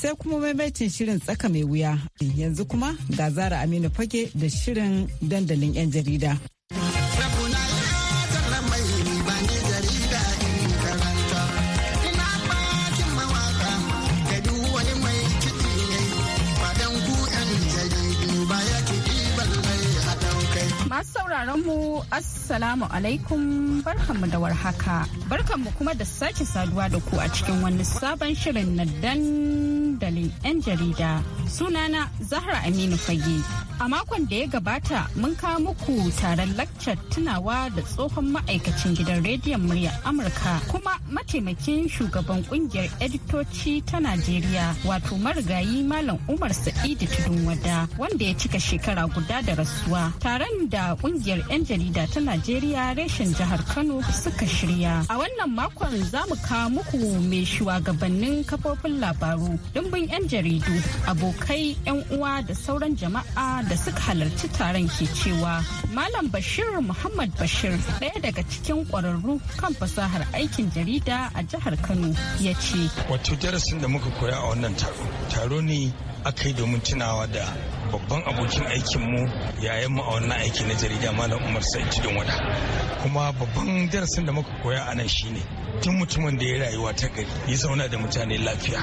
sai kuma maimaitin shirin tsaka mai wuya yanzu kuma ga zara aminu fage da shirin dandalin 'yan jarida Masu mu Assalamu alaikum barkanmu da warhaka. Barkanmu kuma da sake saduwa da ku a cikin wani sabon shirin na dan dandalin 'yan jarida sunana Zahra Aminu Fage. A makon da ya gabata mun kawo muku taron lakcar tunawa da tsohon ma'aikacin gidan rediyon murya Amurka kuma mataimakin shugaban kungiyar editoci ta Najeriya wato marigayi Malam Umar Sa'idu Tudun wanda ya cika shekara guda da rasuwa. Taron da kungiyar 'yan jarida ta Najeriya reshen jihar Kano suka shirya. A wannan makon za mu kawo muku mai shugabannin kafofin labaru, dimbin 'yan jaridu, abokai, 'yan uwa da sauran jama'a da suka halarci taron ke cewa Malam Bashir Muhammad Bashir ɗaya daga cikin ƙwararru kan fasahar aikin jarida a jihar Kano ya ce. Wato darasin da muka koya a wannan taro, taro ne aka yi domin tunawa da babban abokin aikinmu mu a wannan aiki na jarida Malam Umar Sa'id Tudun Wada. Kuma babban darasin da muka koya a nan shine tun mutumin da ya rayuwa ta gari ya zauna da mutane lafiya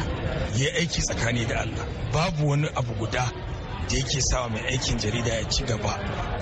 ya aiki tsakani da Allah babu wani abu guda da yake sawa mai aikin jarida ya ci gaba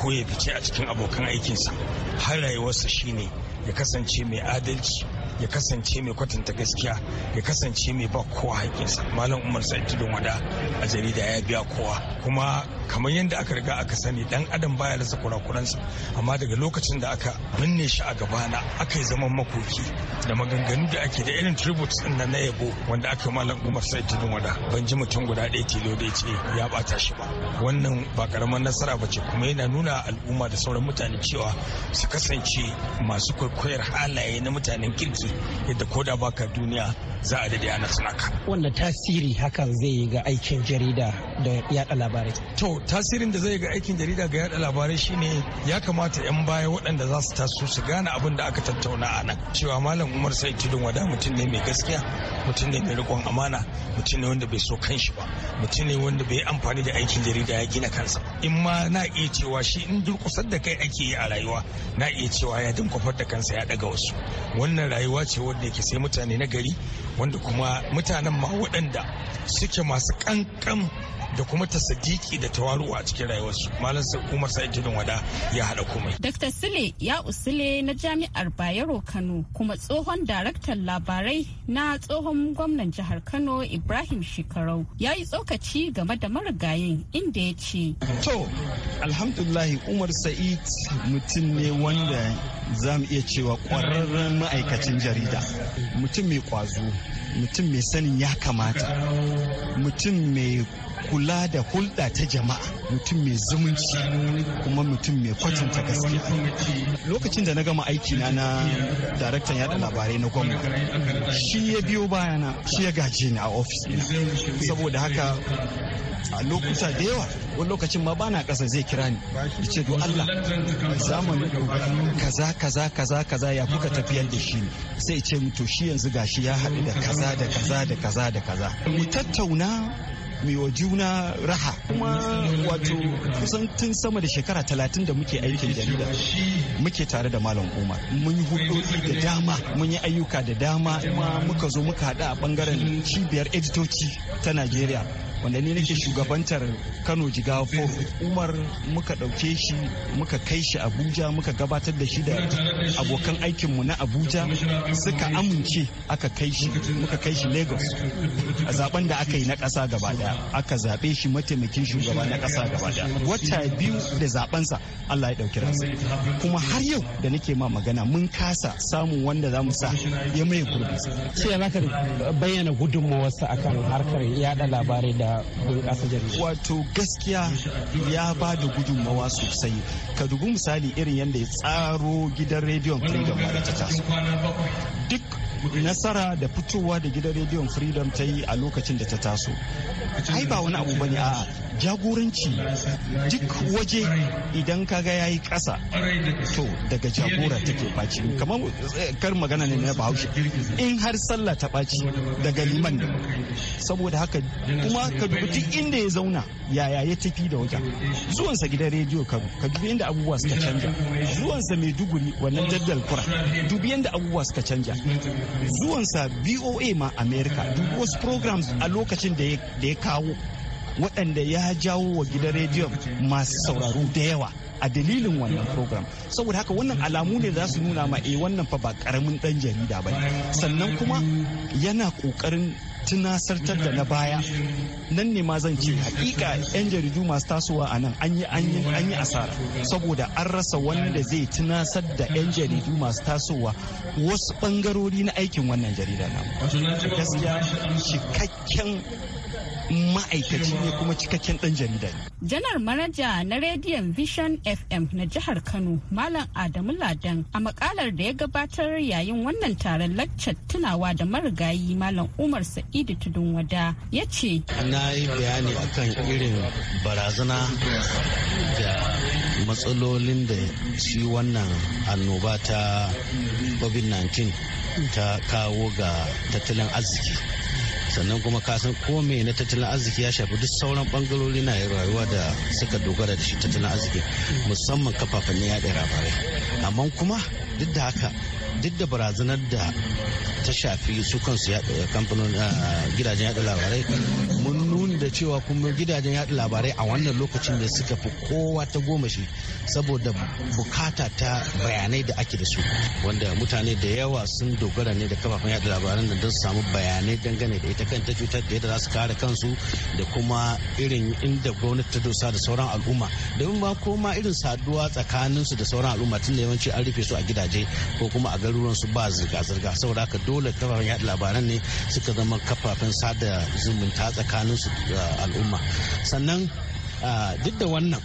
ko ya fice a cikin abokan aikinsa har rayuwarsa shine ya kasance mai adalci ya kasance mai kwatanta gaskiya ya kasance mai ba kowa haƙƙinsa malam umar sa'id wada a jarida ya biya kowa kuma kamar yadda aka riga aka sani dan adam baya rasa kurakuransa amma daga lokacin da aka binne shi a gabana aka yi zaman makoki da maganganu da ake da irin tributes din na yabo wanda aka malam umar sa'id wada ban ji mutum guda ɗaya tilo da ce ya bata shi ba wannan ba karamar nasara ba ce kuma yana nuna al'umma da sauran mutane cewa su kasance masu kwaikwayar halaye na mutanen kirki su yadda koda baka duniya za a daidai ana sunaka. Wanda tasiri hakan zai yi ga aikin jarida da yada labarai. To tasirin da zai ga aikin jarida ga yada labarai shine ya kamata 'yan baya waɗanda za su taso su gane abin da aka tattauna a nan. Cewa Malam Umar sai tudun wada mutum ne mai gaskiya, mutum ne mai riƙon amana, mutum ne wanda bai so shi ba, mutum ne wanda bai amfani da aikin jarida ya gina kansa. In ma na iya cewa shi in durƙusar da kai ake yi a rayuwa, na iya cewa ya dinkwafar da kansa ya ɗaga wasu. Wannan rayuwa ce wanda yake sai mutane na gari wanda kuma mutanen ma waɗanda suke masu kankan da kuma ta sadiki da tawaru a cikin rayuwarsu malam sai umar sai tudun wada ya haɗa komai. dr sule ya usule na jami'ar bayero kano kuma tsohon daraktan labarai na tsohon gwamnan jihar kano ibrahim shekarau ya yi tsokaci game da marigayin inda ya ce. to alhamdulahi umar sa'id mutum ne wanda za mu iya cewa ƙwararren ma'aikacin jarida mutum mai ƙwazo mutum mai sanin ya kamata mutum mai kula da hulɗa ta jama'a mutum mai zumunci kuma mutum mai kwatanta gaskiya lokacin da na gama aiki na na daraktan yada labarai na gwamna shi ya biyo bayana shi ya gaje ni a ofis ɗina saboda haka a lokuta da yawa wani lokacin ma bana kasa zai kira ni ya ce don Allah zamanin kaza kaza kaza kaza ya kuka tafiyar da shi sai ce to shi yanzu gashi ya haɗu da kaza da kaza da kaza da kaza mu tattauna mai wa juna raha kuma wato kusan tun sama da shekara talatin da muke aikin jarida muke tare da malam umar mun yi hudodi da dama mun yi ayyuka da dama kuma muka zo muka haɗa a bangaren cibiyar editoci ta najeriya wanda ne nake shugabantar kano jiga umar muka ɗauke shi muka kai shi abuja muka gabatar da shi da abokan aikinmu na abuja suka amince aka kai shi muka kai shi lagos a zaben da aka yi na ƙasa gaba daya aka zaɓe shi mataimakin shugaba na ƙasa gaba daya wata biyu da zabensa allah ya ɗauki rasa kuma har yau da nake ma magana mun kasa samun wanda za mu sa ya maye gurbi sai ya bayyana gudunmawarsa akan harkar yada labarai da da bunƙasa wato gaskiya ya ba da gudunmawa sosai ka dubi misali irin yadda ya tsaro gidan rediyon freedom da ta taso duk nasara da fitowa da gidan rediyon freedom ta yi a lokacin da ta taso ai ba wani abu bane a'a jagoranci duk waje idan ka ga yayi ƙasa to daga jagora take ɓaci kamar eh, kar magana ne na bahaushe in har sallah ta ɓaci daga liman ne saboda haka kuma ka dubi duk inda ya zauna yaya ya tafi da wajen zuwansa gidan rediyo kano ka dubi inda abubuwa suka canja zuwansa maiduguri wannan jaddal kura dubi yadda abubuwa suka canja zuwansa boa ma america dubi wasu programs a lokacin da ya kawo waɗanda ya jawo wa gidan rediyon masu sauraro da yawa a dalilin wannan program saboda haka wannan alamu ne za su nuna ma eh wannan fa ba karamin dan jarida ba sannan kuma yana ƙoƙarin tunasartar da na baya nan ne ma zan ce hakika yan jaridu masu tasowa a nan an yi asara saboda an rasa wanda zai tunasar da yan jaridu masu tasowa wasu bangarori na aikin wannan jarida na gaskiya cikakken ma'aikaci ne kuma cikakken dan jarida ne. Janar manaja na rediyon Vision FM na jihar Kano, Malam Adamu Ladan, a makalar da ya gabatar yayin wannan taron laccar tunawa da marigayi Malam Umar Sa'idu Tudun Wada ya ce. Na yi bayani akan irin barazana da matsalolin da shi wannan annoba ta COVID-19 ta kawo ga tattalin arziki. sannan kuma ka san ko me na tattalin arziki ya shafi duk sauran bangarori na rayuwa da suka dogara da shi tattalin arziki musamman kafafen yaɗa labarai amma kuma duk da haka duk da barazanar da ta shafi su kansu kamfanin ah, gidajen yaɗa labarai mun sani da cewa kuma gidajen yaɗa labarai a wannan lokacin da suka fi kowa ta goma shi saboda bukata ta bayanai da ake da su wanda mutane da yawa sun dogara ne da kafafen yaɗa labaran da don su samu bayanai dangane da ita kanta cutar da yadda za su kare kansu da kuma irin inda gwamnati ta dosa da sauran al'umma domin ba koma irin saduwa tsakaninsu da sauran al'umma tun da yawanci an rufe su a gidaje ko kuma a garuruwan su ba zirga-zirga saboda haka dole kafafen yaɗa labaran ne suka zama kafafen sada zumunta tsakaninsu al'umma sannan duk da wannan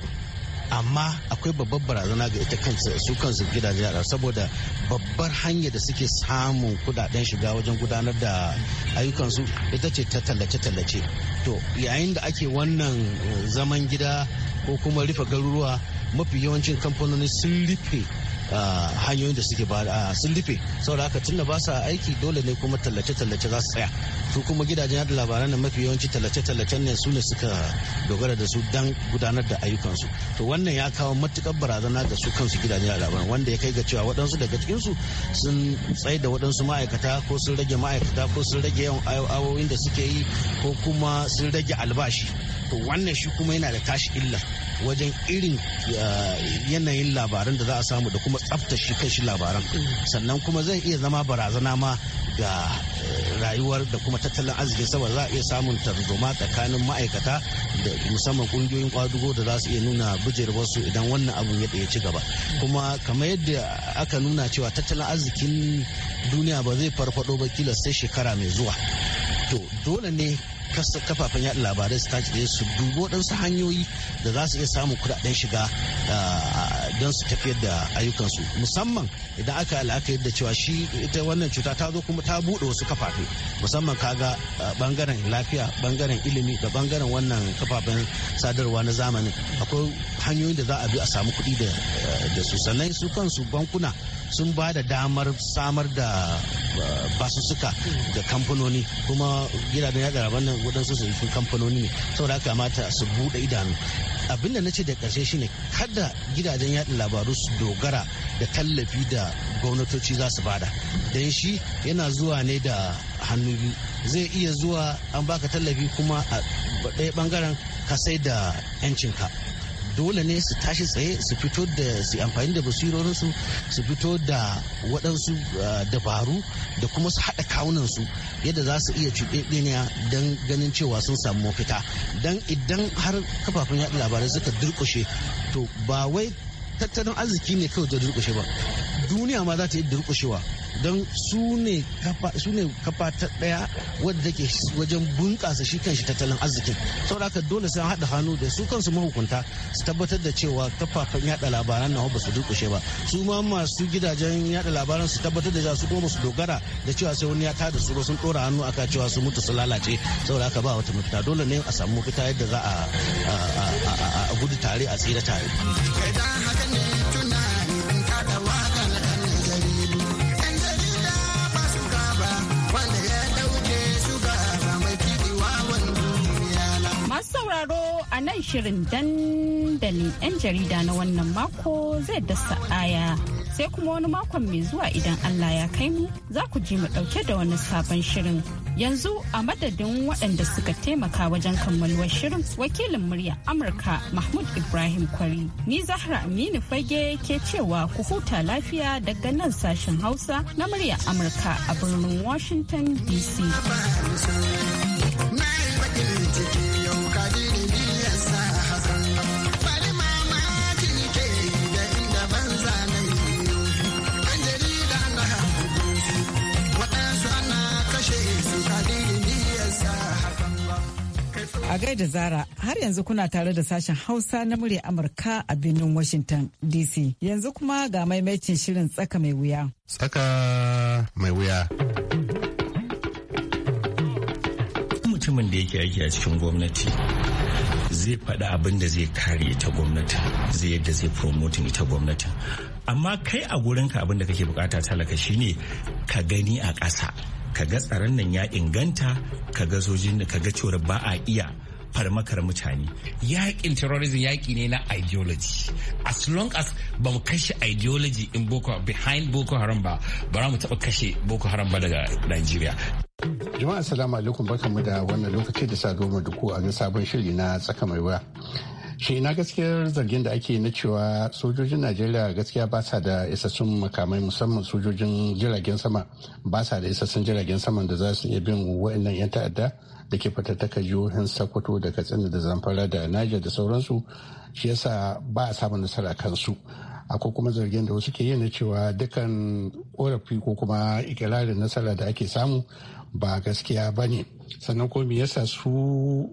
amma akwai babbar barazana ga ita kansu su kansu gidajen yara saboda babbar hanya da suke samun kudaden shiga wajen gudanar da ayyukansu ita ce ta tallace-tallace to yayin da ake wannan eh, zaman gida ko kuma rufe garuruwa mafi yawancin kamfanoni sun rufe hanyoyin da suke sun rufe saboda haka tunda ba sa aiki dole ne kuma tallace-tallace za su tsaya su kuma gidajen yada labaran da mafi yawanci tallace tallace ne su ne suka dogara da su dan gudanar da ayyukansu to wannan ya kawo matukar barazana ga su kansu gidajen yada labaran wanda ya kai ga cewa waɗansu daga cikinsu sun tsaye da waɗansu ma'aikata ko sun rage ma'aikata ko sun rage yawan awowin da suke yi ko kuma sun rage albashi to wannan shi kuma yana da tashi illa. wajen irin yanayin labaran da za a samu da kuma tsaftashi shi labaran sannan kuma zai iya zama barazana ma ga eh, rayuwar da kuma tattalin arziki saboda za a iya samun tarzoma tsakanin ma'aikata da musamman kungiyoyin kwadugo da za su iya nuna wasu idan wannan abun ya ci gaba kuma kamar yadda aka nuna cewa tattalin arzikin duniya ba zai farfado ba kila sai shekara mai zuwa to dole ne kafafen yaɗa labarai su tashi su dubo su hanyoyi da za su iya samun kuɗaɗen shiga ah, don su tafiyar da ayyukansu musamman idan aka la'akari da cewa shi ita wannan cuta ta zo kuma ta buɗe wasu kafafe musamman kaga bangaren ah, lafiya bangaren ilimi da bangaren wannan kafafen sadarwa na zamani akwai hanyoyin da za a bi a samu kuɗi da ah, su sannan su kansu bankuna sun ba da damar samar da basussuka ga kamfanoni kuma gidajen yada rabar nan waɗansu su kamfanoni ne saboda haka mata su buɗe idanu abinda na ce da ƙarshe shine kada gidajen yada labaru su dogara da tallafi da gwamnatoci za su bada don shi yana zuwa ne da hannu biyu zai iya zuwa an baka tallafi kuma a ɗaya bangaren ka sai da 'yancinka dole ne su tashi tsaye su fito da su amfani da basirorinsu su fito da waɗansu ah, dabaru da kuma su haɗa kawunansu yadda za su iya cuɗeɗeniya don ganin cewa sun samu mafita don idan har kafafen yaɗa labarai suka durƙushe to ba wai tattalin arziki ne kawai da durƙushe ba duniya ma za ta yi durƙushewa don su ne kafa ta daya wadda ke wajen bunƙasa shi kanshi tattalin arzikin saboda haka dole sai haɗa hannu da su kansu mahukunta su tabbatar da cewa kafafen yada labaran nawa ba su durƙushe ba su ma masu gidajen yada labaran su tabbatar da su kuma su dogara da cewa sai wani ya tada su ba sun ɗora hannu aka cewa su mutu su lalace saboda haka ba wata mafita dole ne a samu mafita yadda za a gudu tare a tsira tare. a nan shirin dandalin 'yan jarida na wannan mako zai dasa aya sai kuma wani makon mai zuwa idan Allah ya kai mu za ku ji mu ɗauke da wani sabon shirin. Yanzu a madadin waɗanda suka taimaka wajen kammaluwar shirin wakilin murya Amurka Mahmud Ibrahim Kwari. Ni Zahra Aminu Fage ke cewa ku huta lafiya daga nan sashen Hausa na murya Amurka a birnin Washington DC. kai da zara har yanzu kuna tare da sashen hausa na murya amurka a birnin washington dc yanzu kuma ga maimacin shirin tsaka mai wuya tsaka mai wuya mutumin da yake aiki a cikin gwamnati zai faɗi abin da zai kare ita gwamnati zai yadda zai promoting ita gwamnati amma kai a gurinka abin da kake bukata talaka shine ka gani a ƙasa ka ga tsaron nan ya inganta ka ga sojin ka ga cewar ba a iya farmakar mutane yakin terrorism yaki ne na ideology as long as ba mu kashe ideology in boko behind boko haram ba ba mu taba kashe boko haram ba daga nigeria jama'a assalamu alaikum barkamu da wannan lokaci da sa goma duku a sabon shiri na tsaka mai wuya shi na gaskiyar zargin da ake na cewa sojojin najeriya gaskiya ba sa da isassun makamai musamman sojojin jiragen sama ba sa da isassun jiragen saman da za su iya bin wa'annan 'yan ta'adda da ke fatattaka jihohin Sokoto da Katsina da Zamfara da Niger da sauransu shi yasa ba a samun nasara kansu. Akwai kuma zargin da wasu ke yi na cewa dukkan korafi ko kuma ikirarin nasara da ake samu ba gaskiya ba ne. Sannan ko me yasa su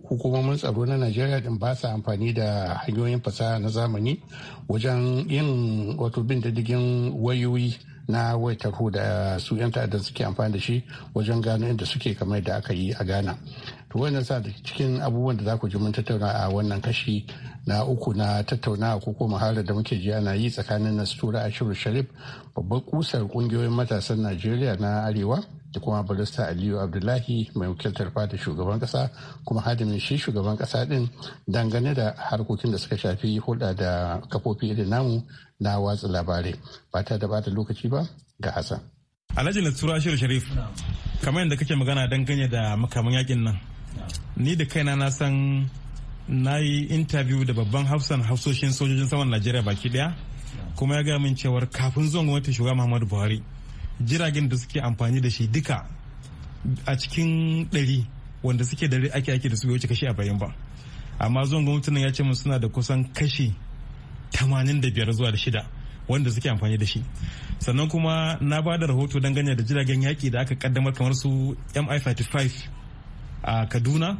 hukumomin tsaro na Najeriya din ba su amfani da hanyoyin fasaha na zamani wajen yin wato bin diddigin wayoyi na waitar da su 'yan ta'adda suke amfani da shi wajen gano inda suke kamar da aka yi a ghana to wannan sa da cikin abubuwan da za ku ji mun tattauna a wannan kashi na uku na tattauna ko ko halar da muke ji ana yi tsakanin a shirin sharif babbar kusar kungiyoyin matasan najeriya na arewa da kuma barista aliyu abdullahi mai wakiltar fata shugaban kasa kuma hadimin shi shugaban kasa din dangane da harkokin da suka shafi hulɗa da kafofi irin namu na watsa labarai ba ta da bata lokaci ba ga Hassan. Alhaji tura shirin Sharif, kamar yadda kake magana dangane da makaman yakin nan. Ni da kaina na san na yi interview da babban hafsan hafsoshin sojojin saman Najeriya baki daya kuma ya gaya min cewar kafin zuwan gwamnatin shugaba Muhammadu Buhari jiragen da suke amfani da shi duka a cikin ɗari wanda suke da ake ake da su wuce kashi a bayan ba amma zuwan gwamnatin ya ce mun suna da kusan kashi 85 zuwa da shida wanda suke amfani da shi sannan kuma na ba da rahoto dangane da jiragen yaƙi da aka kaddamar kamar su mi-55 a kaduna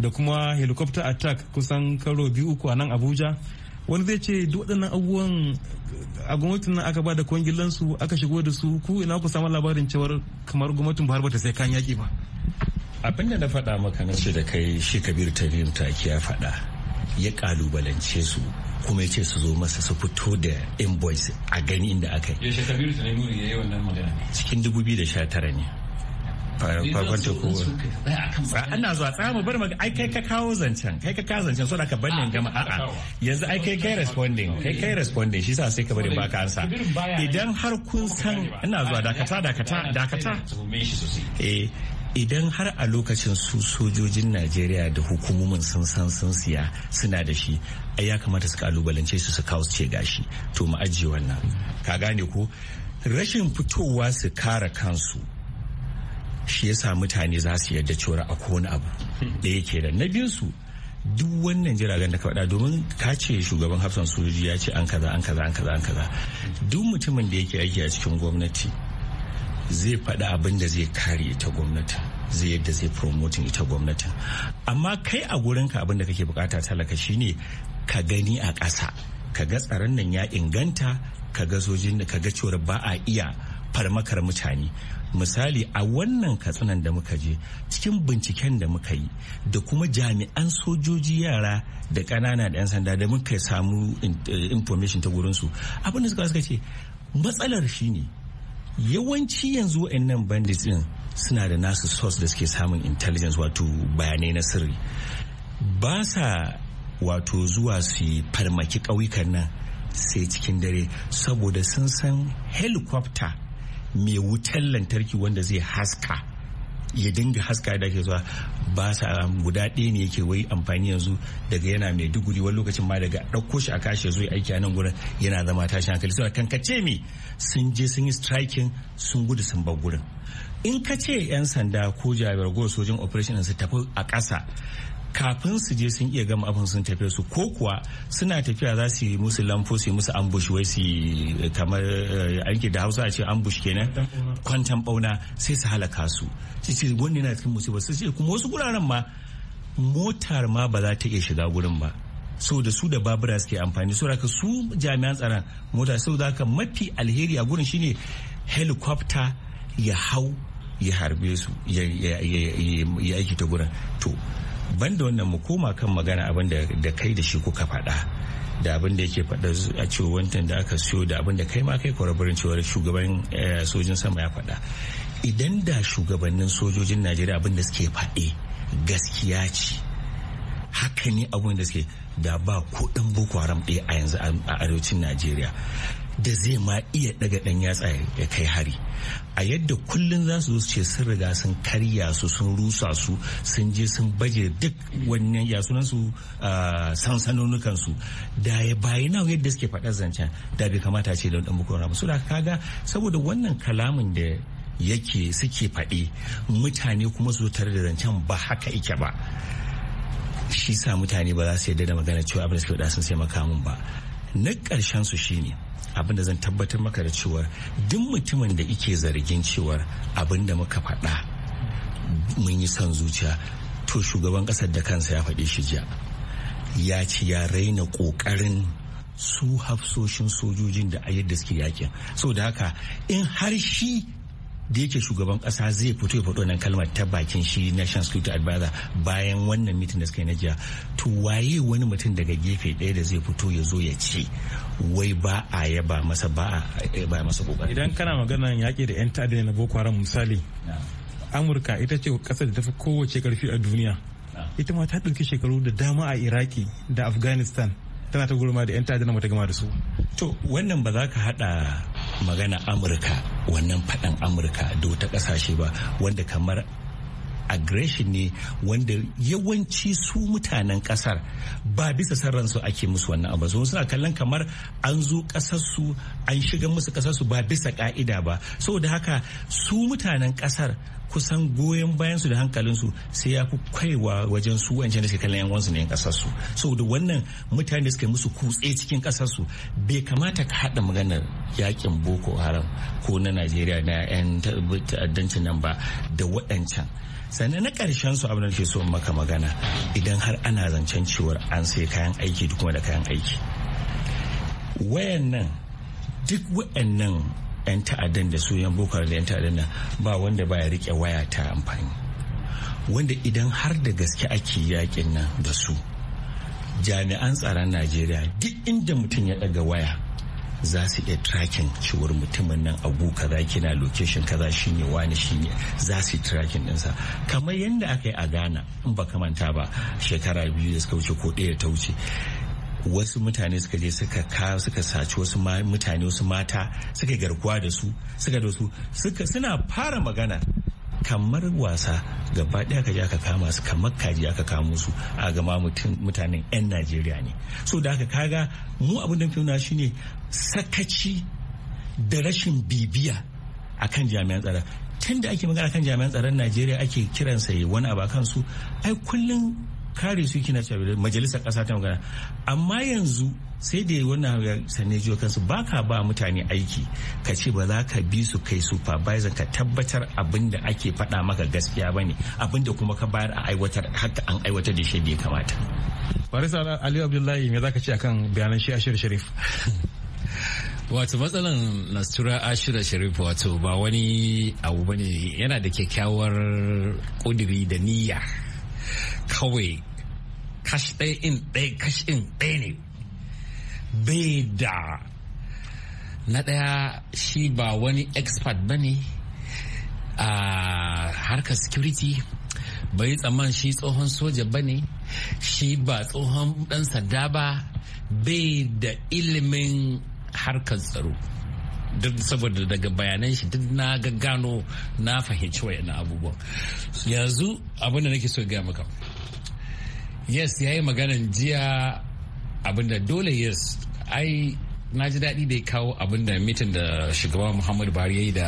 da kuma helicopter attack kusan karo biyu uku a nan abuja wani zai ce duk waɗannan abubuwan a gwamnatin nan aka ba da kwangilan su aka shigo da su ku ina ku samu labarin cewar kamar gwamnatin buhari ba ta sai kan yaƙi ba Abin da na faɗa maka na ce da kai shi kabir tamim take ya faɗa ya kalubalance su kuma ya ce su zo masa su fito da invoice a gani inda aka yi. Yaushe Kabiru Sulaimuri ya yi wannan magana ne? Cikin 2019 ne. farkon teku ana zuwa tsaya mu bar mu ai kai ka kawo zancen kai ka kawo zancen so ka banne gama a'a yanzu ai kai kai responding kai kai responding shi sa sai ka bari baka ansa idan har kun san ina zuwa dakata dakata dakata eh idan har a lokacin su sojojin najeriya da hukumomin sun san sun siya suna da shi ai ya kamata su kalubalance su su kawo ce gashi to mu ajiye wannan ka gane ko rashin fitowa su kara kansu shi yasa mutane za su yarda cewa a kowane abu da yake da na biyun su duk wannan jiragen da ka faɗa domin ka ce shugaban hafsan sojoji ya ce an kaza an kaza an kaza an kaza duk mutumin da yake aiki a cikin gwamnati zai faɗi abin da zai kare ita gwamnatin zai yadda zai promoting ita gwamnati amma kai a gurinka abin da kake bukata talaka shine ka gani a ƙasa ka ga tsaron nan ya inganta ka ga sojin ka ga cewar ba a iya farmakar mutane misali a wannan katsinan da muka je cikin binciken da muka yi da kuma jami'an sojoji yara da ƙanana da 'yan sanda da muka samu eh, information ta gurinsu abin da suka ce matsalar shine yawanci yanzu nan bandits din suna da nasu source da suke samun intelligence wato bayanai na sirri ba sa wato zuwa su farmaki ƙauyukan nan sai cikin dare saboda sun san helicopter mai wutan lantarki wanda zai haska ya dinga haska da ake zuwa ba sa um, guda ɗaya ne yake wai amfani yanzu daga yana mai duguri wani lokacin ma daga ɗauko shi a kashe zo aiki a nan gurin yana zama tashin hankali suna kankace mi sun je sun yi striking sun gudu sun bar gurin in ka ce 'yan sanda ko jami'ar go sojin operation su tafi a ƙasa kafin su je sun iya gama abin sun tafi su ko kuwa suna tafiya za su yi musu lamfo su yi musu ambush wai su kamar eh, aiki da hausa a ce ambush kenan kwantan bauna sai su halaka su ce wani yana cikin musu su ce kuma wasu guraren ma motar ma ba za ta iya shiga gurin ba so da su da babura suke amfani so ka su jami'an tsaron mota sau da mafi alheri a gurin shine helicopter ya hau ya harbe su ya aiki ta gurin to banda wannan mu koma kan magana abin da kai da shi kuka faɗa da abin da yake faɗa a wantan da aka siyo da abin da kai ma kai kwarabarin cewar shugaban eh, sojin sama ya faɗa idan da shugabannin sojojin najeriya abin da suke faɗe gaskiya ce haka ne abin da suke da ba kuɗin boko haram ɗaya a yanzu a arewacin najeriya da zai ma iya ɗaga ɗan yatsa ya kai hari a yadda kullum za su zo su ce sun riga sun karya su sun rusa su sun je sun baje duk wannan yasunan sunan su ah, sansanonukan su da ya bayi yadda suke faɗa zancen da bai kamata ce da dan bukuran ba su da kaga saboda wannan kalamin da yake suke faɗi mutane kuma su tare da zancen ba haka ike ba shi sa mutane ba za su yarda da magana cewa abin da suke faɗa sun sai makamun ba na karshen su shine abin da zan tabbatar maka da cewa duk mutumin da ike zargin cewar abin da muka faɗa mun yi son zuciya to shugaban ƙasar da kansa ya faɗi shi jiya ya ci ya raina ƙoƙarin su hafsoshin sojojin da a yadda suke yakin so da haka in har shi da yake shugaban kasa zai fito ya faɗo nan kalmar ta bakin shi national security advisor bayan wannan mitin da suka yi na jiya to waye wani mutum daga gefe ɗaya da zai fito ya zo ya ce wai ba a yaba masa ba a eh, ba masa kokari idan kana maganar yaƙi da yan ta'adda na boko haram misali amurka ita ce kasa da ta kowace karfi a duniya ita ma ta ɗauki shekaru da dama a iraki da afghanistan tana ta gurma da 'yan ta'adda mata gama da su to wannan ba za ka haɗa magana amurka wannan faɗan amurka da wata ƙasashe ba wanda kamar aggression ne wanda yawanci su mutanen kasar ba bisa su ake musu wannan abu so suna kallon kamar an zo kasarsu an shiga musu su ba bisa ka'ida ba saboda haka su mutanen kasar kusan goyon bayan su da hankalinsu sai ya fi kaiwa wajen su wancan da suke kallon yan wansu ne kasar su saboda wannan mutane da suke musu kutse cikin ƙasarsu bai kamata ka haɗa maganar yakin boko haram ko na najeriya na yan ta'addancin nan ba da waɗancan sannan na karshen su abin da ke so maka magana idan har ana zancen cewar an sai kayan aiki duk kuma da kayan aiki wayan nan duk wayannan 'yan ta'addan da su yan bokar da 'yan ta'addan nan ba wanda baya rike waya ta amfani wanda idan har da gaske ake yakin nan da su jami'an tsaron najeriya duk inda mutum ya ɗaga waya za su iya tracking cewar mutumin nan abu kaza kina location kaza shine wani shine za su yi tracking dinsa kamar yadda aka yi a ghana in ba kamanta ba shekara biyu da suka wuce ko ɗaya ta wuce wasu mutane suka je suka ka suka saci wasu mutane wasu mata suka garkuwa da su suka da su suna fara magana kamar wasa gaba ɗaya ka je aka kama su kamar kaji aka kamo su a gama mutanen 'yan najeriya ne so da aka kaga mu abin da nuna shine sakaci da rashin bibiya a kan jami'an tsaro tun da ake magana kan jami'an tsaron najeriya ake kiransa yi wani abu kansu ai kullum kare su kina cewa majalisar kasa ta magana amma yanzu sai da wannan sanne jiyo kansu ba ka ba mutane aiki ka ce ba za ka bi su kai supervisor ka tabbatar abin da ake faɗa maka gaskiya ba ne abin da kuma ka bayar a aiwatar haka an aiwatar da shi da ya kamata. Abdullahi me za ka ce akan bayanan shi Ashir Sharif? Wato matsalan Nastura Ashira Sharif wato ba wani abu bane yana da kyakkyawar kudiri da niyya kawai kash ɗaya in ɗaya kash in ɗaya ne bai da na ɗaya shi ba wani expert ba ne a harkar security bai tsaman shi tsohon soja ba ne shi ba tsohon ɗan sanda ba bai da ilimin harkar tsaro duk saboda daga bayanan shi duk na gaggano na fahimci wayannan abubuwan yanzu abin da nake so gaya maka yes ya yi maganan jiya abinda dole yes ai na ji daɗi da ya kawo abinda da mitin da shugaban muhammadu buhari ya yi da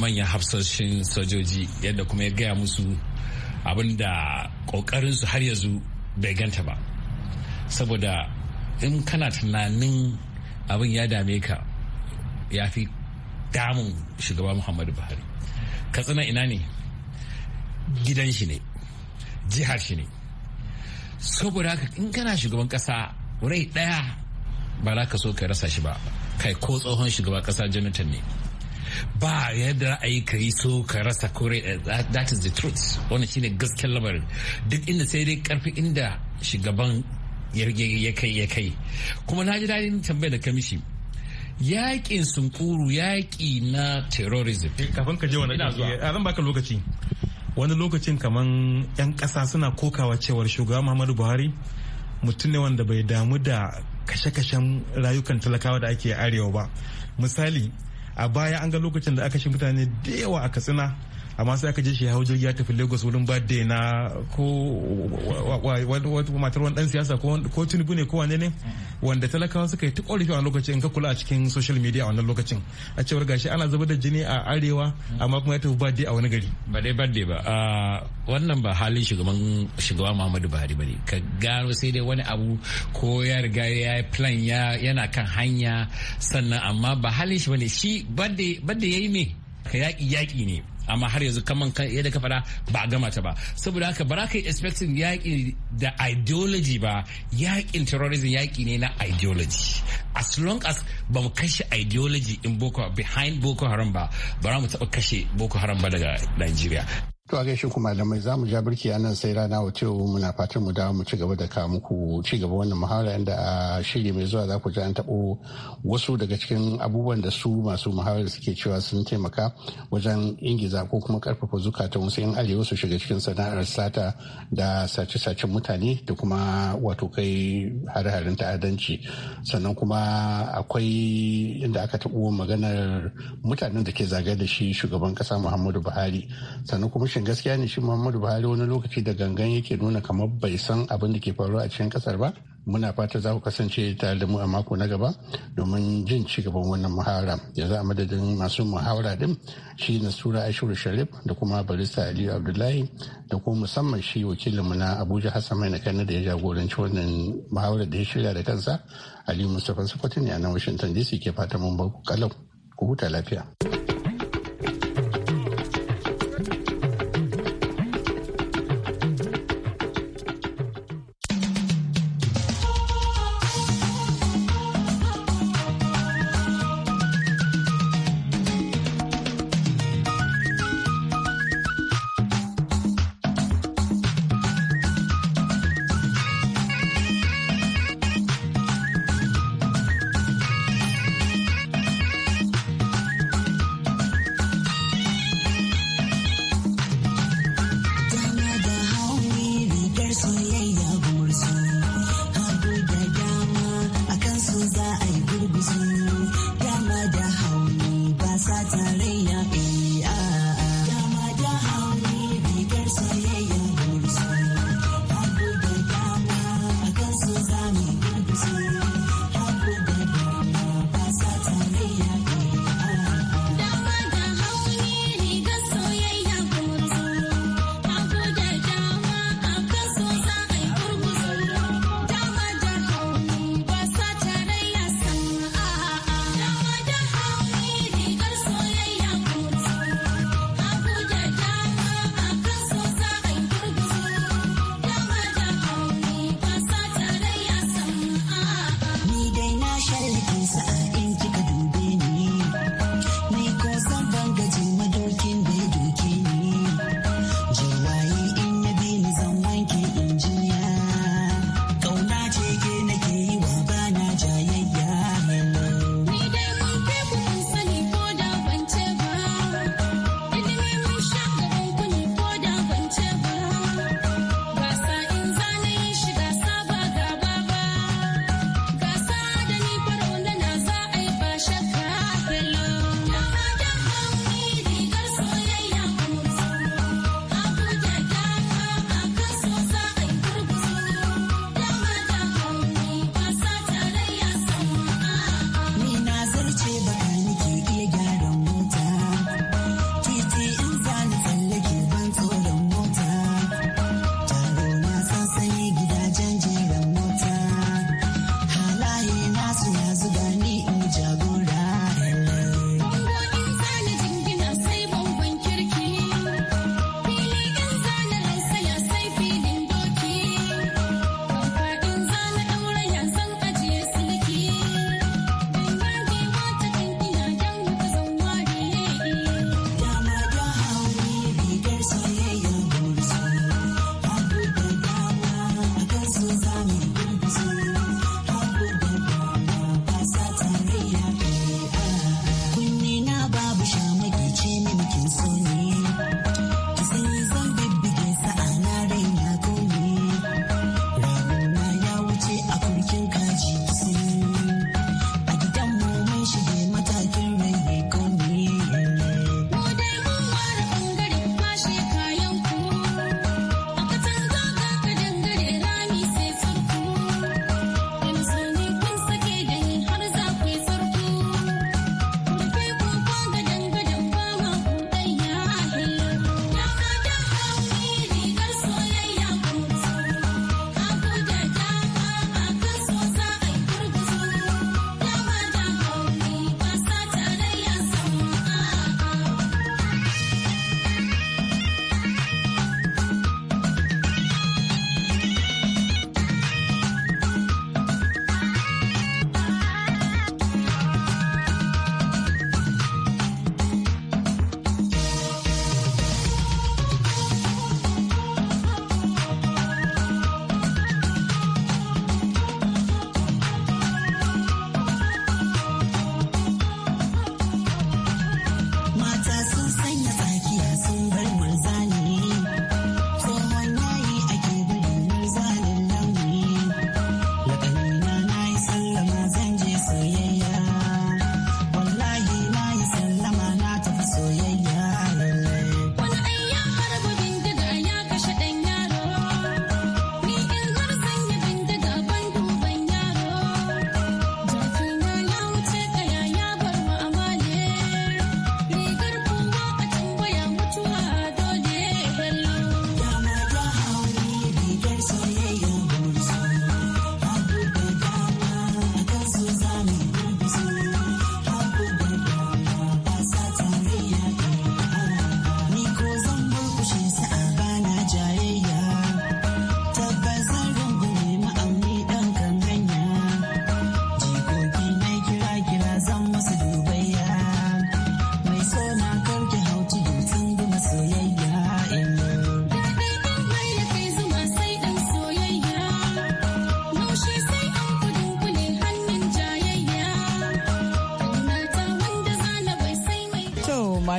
manyan hafsoshin sojoji yadda kuma ya gaya musu abin da su har yanzu bai ganta ba saboda in kana tunanin abin ya dame ka ya fi damun shugaba muhammadu buhari katsina ina ne gidan shi ne jihar shi ne saboda haka in kana shugaban kasa rai daya ba za ka so ka rasa shi ba kai ko tsohon shugaban kasa jonathan ne ba yadda ra'ayi ka yi so ka rasa kore that is the truth wannan shine gaskiyar lamarin duk inda sai dai karfi inda shugaban ya kai ya kai kuma na ji daɗin tambayar da kamishi yaƙin sunkuru yaƙi na terrorism eh, kafin ka je wani ina eh, zuwa a eh, zan baka lokaci wani lokacin kaman 'yan ƙasa suna kokawa cewar shugaba muhammadu buhari mutum ne wanda bai damu da kashe-kashen rayukan talakawa da ake arewa ba misali a baya an ga lokacin da aka shi mutane da yawa a katsina amma sai aka je shi hau jirgi ya tafi lagos wurin birthday na ko matar wani dan siyasa ko tinubu ne ko wane ne wanda talakawa suka yi ta korafi a lokacin ka kula a cikin social media a wannan lokacin a cewar gashi ana zubar da jini a arewa amma kuma ya tafi birthday a wani gari ba dai birthday ba wannan ba halin shugaban shugaba muhammadu buhari ba ne ka gano sai dai wani abu ko ya riga ya yi plan yana kan hanya sannan amma ba halin shi ba ne shi birthday yi ne ka yaƙi yaƙi ne amma har yanzu kaman yadda ka faɗa ba a gama ta ba saboda haka ba za ka yi expecting yaƙi da ideology ba yaƙin terrorism yaƙi ne na ideology as long as ba mu kashe ideology in boko behind boko haram ba ba mu taɓa kashe boko haram ba daga nigeria To a gaishe ku malamai za mu ja birki a nan sai rana wace muna fatan mu dawo mu ci gaba da kawo muku ci gaba wannan muhawara inda a shiri mai zuwa za ku ji an taɓo wasu daga cikin abubuwan da su masu muhawara suke cewa sun taimaka wajen ingiza ko kuma karfafa zukata wasu yan arewa su shiga cikin sana'ar sata da sace-sacen mutane da kuma wato kai hare-haren ta'addanci sannan kuma akwai inda aka taɓo maganar mutanen da ke zagaya da shi shugaban ƙasa muhammadu buhari sannan kuma shin gaskiya ne shi muhammadu buhari wani lokaci da gangan yake nuna kamar bai san abin da ke faru a cikin kasar ba muna fata za ku kasance tare da mu a mako na gaba domin jin ci gaban wannan muhawara yanzu a madadin masu muhawara din shi na sura ashiru sharif da kuma barista aliyu abdullahi da kuma musamman shi wakilinmu na abuja hassan mai na da ya jagoranci wannan muhawarar da ya shirya da kansa aliyu mustapha sakwatin ne a nan washington dc ke fata mun ba ku kalau ku huta lafiya.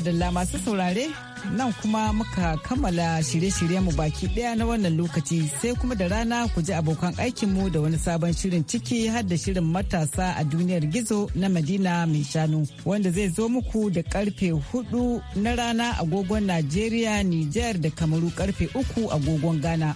madalla masu saurare nan kuma muka kammala shirye-shiryenmu baki daya na wannan lokaci sai kuma da rana ku ji abokan aikinmu da wani sabon shirin ciki har da shirin matasa a duniyar gizo na madina mai shanu wanda zai zo muku da karfe hudu na rana agogon najeriya niger da kamaru karfe uku agogon ghana